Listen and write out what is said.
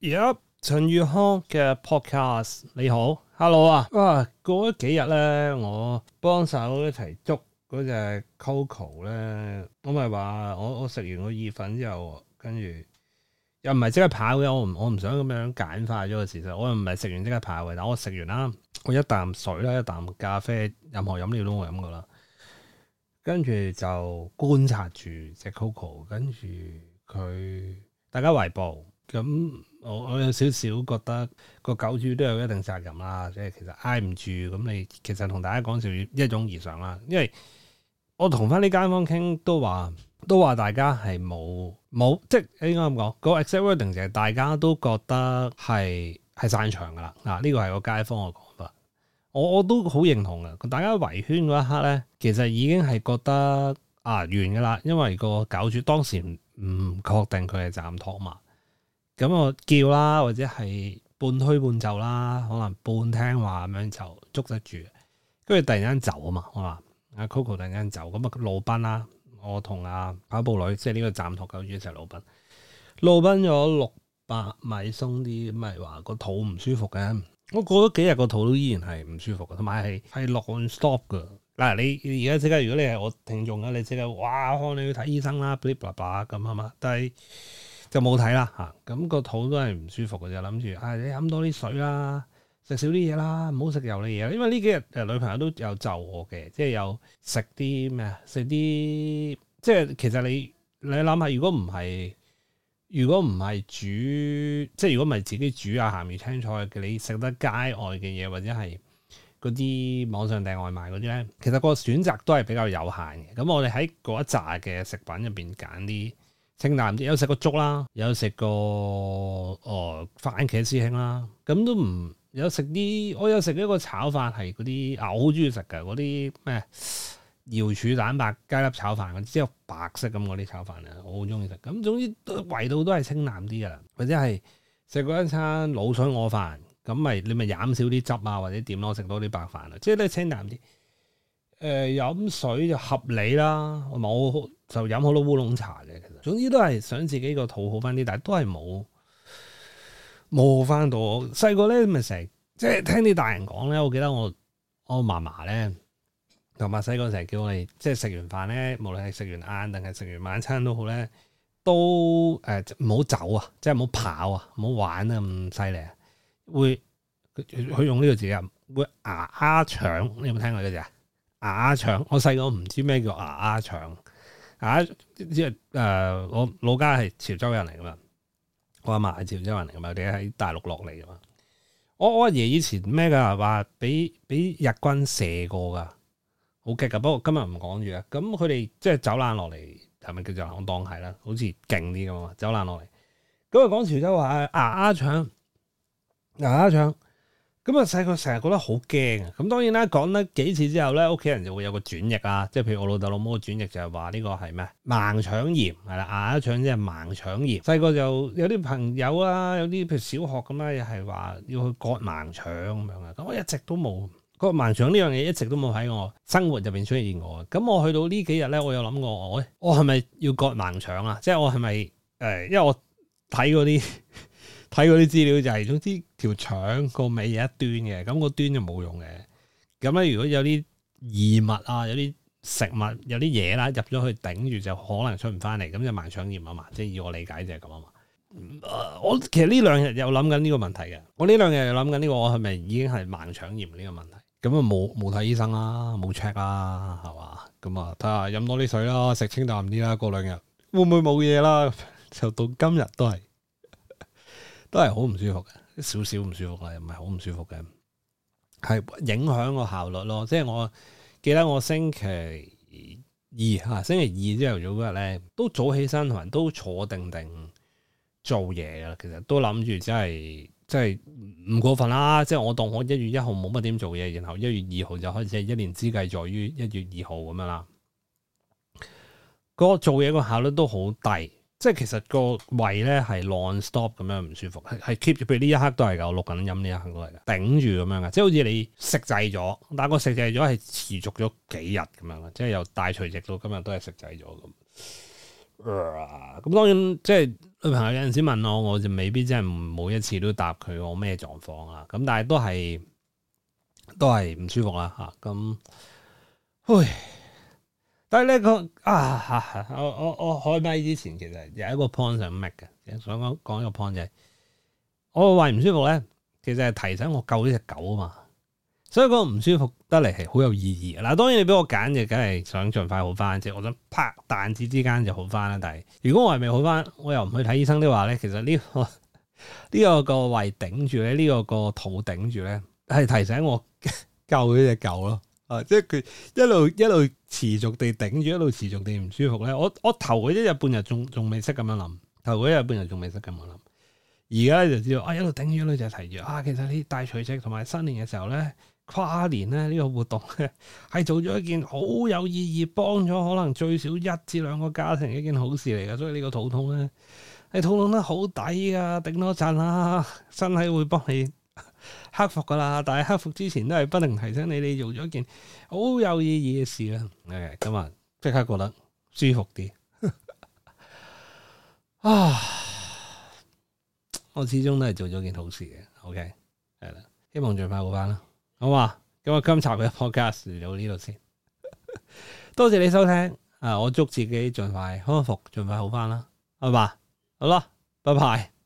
而家陳宇康嘅 podcast，你好，hello 啊！哇，過咗幾日咧，我幫手一齊捉嗰隻 Coco 咧，我咪話我我食完個意粉之後，跟住又唔係即刻跑嘅，我唔我唔想咁樣簡化咗個事實，我又唔係食完即刻跑嘅，但我食完啦，我一啖水啦，一啖咖啡，任何飲料都冇飲噶啦，跟住就觀察住隻 Coco，跟住佢大家圍捕。咁我、嗯、我有少少覺得個狗主都有一定責任啦，即係其實挨唔住，咁你其實同大家講少少一縱而上啦。因為我同翻啲街坊傾都話，都話大家係冇冇，即係應該咁講。個 exact wording 就係大家都覺得係係散場噶啦，嗱，呢個係個街坊嘅講法，我我都好認同嘅。大家圍圈嗰一刻咧，其實已經係覺得啊完噶啦，因為個狗主當時唔唔確定佢係站妥嘛。咁我叫啦，或者係半推半就啦，可能半聽話咁樣就捉得住，跟住突然間走啊嘛，好嘛？阿 Coco 突然間走，咁啊老賓啦，我同阿跑步女即係呢個站托，救住就係老賓。老賓咗六百米鬆啲，咪話個肚唔舒服嘅。我過咗幾日個肚都依然係唔舒服嘅，同埋係係落 o stop 噶。嗱，你而家即刻，如果你係我聽眾嘅，你即刻哇，看你去睇醫生啦，噼里啪啪咁係嘛？但係。就冇睇啦嚇，咁、嗯、個肚都係唔舒服嘅，就諗住啊，你飲多啲水啦，食少啲嘢啦，唔好食油膩嘢。因為呢幾日誒、呃、女朋友都有就我嘅，即係有食啲咩啊？食啲即係其實你你諗下，如果唔係如果唔係煮，即係如果唔係自己煮啊鹹魚青菜嘅，你食得街外嘅嘢或者係嗰啲網上訂外賣嗰啲咧，其實個選擇都係比較有限嘅。咁我哋喺嗰一紮嘅食品入邊揀啲清淡啲，有食過粥啦，有食過誒番茄師兄啦，咁都唔有食啲。我有食一個炒飯，係嗰啲啊，我好中意食噶嗰啲咩瑤柱蛋白雞粒炒飯嗰啲，即係白色咁嗰啲炒飯啊，我好中意食。咁總之圍到都係清淡啲噶啦，或者係食嗰一餐鹵水鵝飯咁咪，你咪飲少啲汁啊，或者點咯，食多啲白飯啊，即係都清淡啲。誒、呃、飲水就合理啦，我就飲好多烏龍茶。總之都係想自己個肚好翻啲，但係都係冇冇翻到。細個咧咪成日，即係聽啲大人講咧，我記得我我嫲嫲咧，同埋細個成日叫我哋，即係食完飯咧，無論係食完晏定係食完晚餐都好咧，都誒唔好走啊，即係唔好跑啊，唔好玩啊咁犀利啊。會佢用呢個字啊，會牙牙腸，你有冇聽過呢隻啊？牙牙腸，我細個唔知咩叫牙牙腸。啊！即係誒，我老家係潮州人嚟噶嘛，我阿嫲係潮州人嚟噶嘛，佢哋喺大陸落嚟噶嘛。我我阿爺以前咩噶話，俾俾日軍射過噶，好激噶。不過今日唔講住啦。咁佢哋即係走難落嚟，係咪叫做行當係啦？好似勁啲咁啊，走難落嚟。咁佢講潮州話，牙阿腸，牙阿腸。啊啊啊啊咁啊，細個成日覺得好驚啊！咁當然啦，講得幾次之後咧，屋企人就會有個轉譯啊，即係譬如我老豆老母嘅轉譯就係話呢個係咩盲腸炎係啦，牙腸即係盲腸炎。細個就，就有啲朋友啦，有啲譬如小學咁啦，又係話要去割盲腸咁樣啊。咁我一直都冇割盲腸呢樣嘢，一直都冇喺我生活入面出現過。咁我去到呢幾日咧，我有諗過我我係咪要割盲腸啊？即係我係咪誒？因為我睇嗰啲。睇過啲資料就係、是，總之條腸個尾有一端嘅，咁、那個端就冇用嘅。咁咧如果有啲異物啊，有啲食物，有啲嘢啦入咗去頂住，就可能出唔翻嚟，咁就盲腸炎啊嘛。即係以我理解就係咁啊嘛、呃。我其實呢兩日有諗緊呢個問題嘅。我呢兩日有諗緊呢個，我係咪已經係盲腸炎呢個問題？咁啊冇冇睇醫生啦、啊，冇 check 啦，係嘛？咁啊睇下飲多啲水啦，食清淡啲啦。過兩日會唔會冇嘢啦？就到今日都係。都係好唔舒服嘅，少少唔舒服啦，又唔係好唔舒服嘅，係影響個效率咯。即係我記得我星期二吓、啊，星期二朝頭早嗰日咧，都早起身同人都坐定定做嘢噶啦。其實都諗住即係即係唔過分啦。即係我當我一月一號冇乜點做嘢，然後一月二號就開始係一年之計在於一月二號咁樣啦。個做嘢個效率都好低。即係其實個胃咧係 non stop 咁樣唔舒服，係 keep 住，譬如呢一刻都係有我錄緊音呢一刻都係噶，頂住咁樣噶，即係好似你食滯咗，但係個食滯咗係持續咗幾日咁樣，即係由大除夕到今日都係食滯咗咁。咁、呃、當然即係女朋友有陣時問我，我就未必真係每一次都答佢我咩狀況啊，咁但係都係都係唔舒服啊吓，咁但係咧、這個啊,啊，我我,我開麥之前其實有一個 point 想 make 嘅，想講講呢個 point 就係、是、我個胃唔舒服咧，其實係提醒我救呢隻狗啊嘛。所以個唔舒服得嚟係好有意義嘅。嗱，當然你俾我揀，就梗係想盡快好翻先。即係我想啪彈指之間就好翻啦。但係如果我係未好翻，我又唔去睇醫生的話咧，其實呢、這個呢個 個胃頂住咧，呢、這個個肚頂住咧，係提醒我救呢隻狗咯。啊！即係佢一路一路持續地頂住，一路持續地唔舒服咧。我我頭一日半日仲仲未識咁樣諗，頭一日半日仲未識咁樣諗，而家就知道啊，一路頂住咧就提住。啊。其實你大除夕同埋新年嘅時候咧，跨年咧呢個活動係做咗一件好有意義，幫咗可能最少一至兩個家庭一件好事嚟噶。所以呢個肚痛咧，你肚痛得好抵噶，頂多陣啦，身體會幫你。克服噶啦，但係克服之前都係不停提醒你，你做咗一件好有意義嘅事啦。誒，咁啊，即刻覺得舒服啲。 啊，我始終都係做咗件好事嘅。OK，係啦，希望盡快好翻啦。好嘛，咁啊，今集嘅 Podcast 嚟到呢度先。 多謝你收聽。啊，我祝自己盡快康復，盡快好翻啦。好嘛，好啦，拜拜。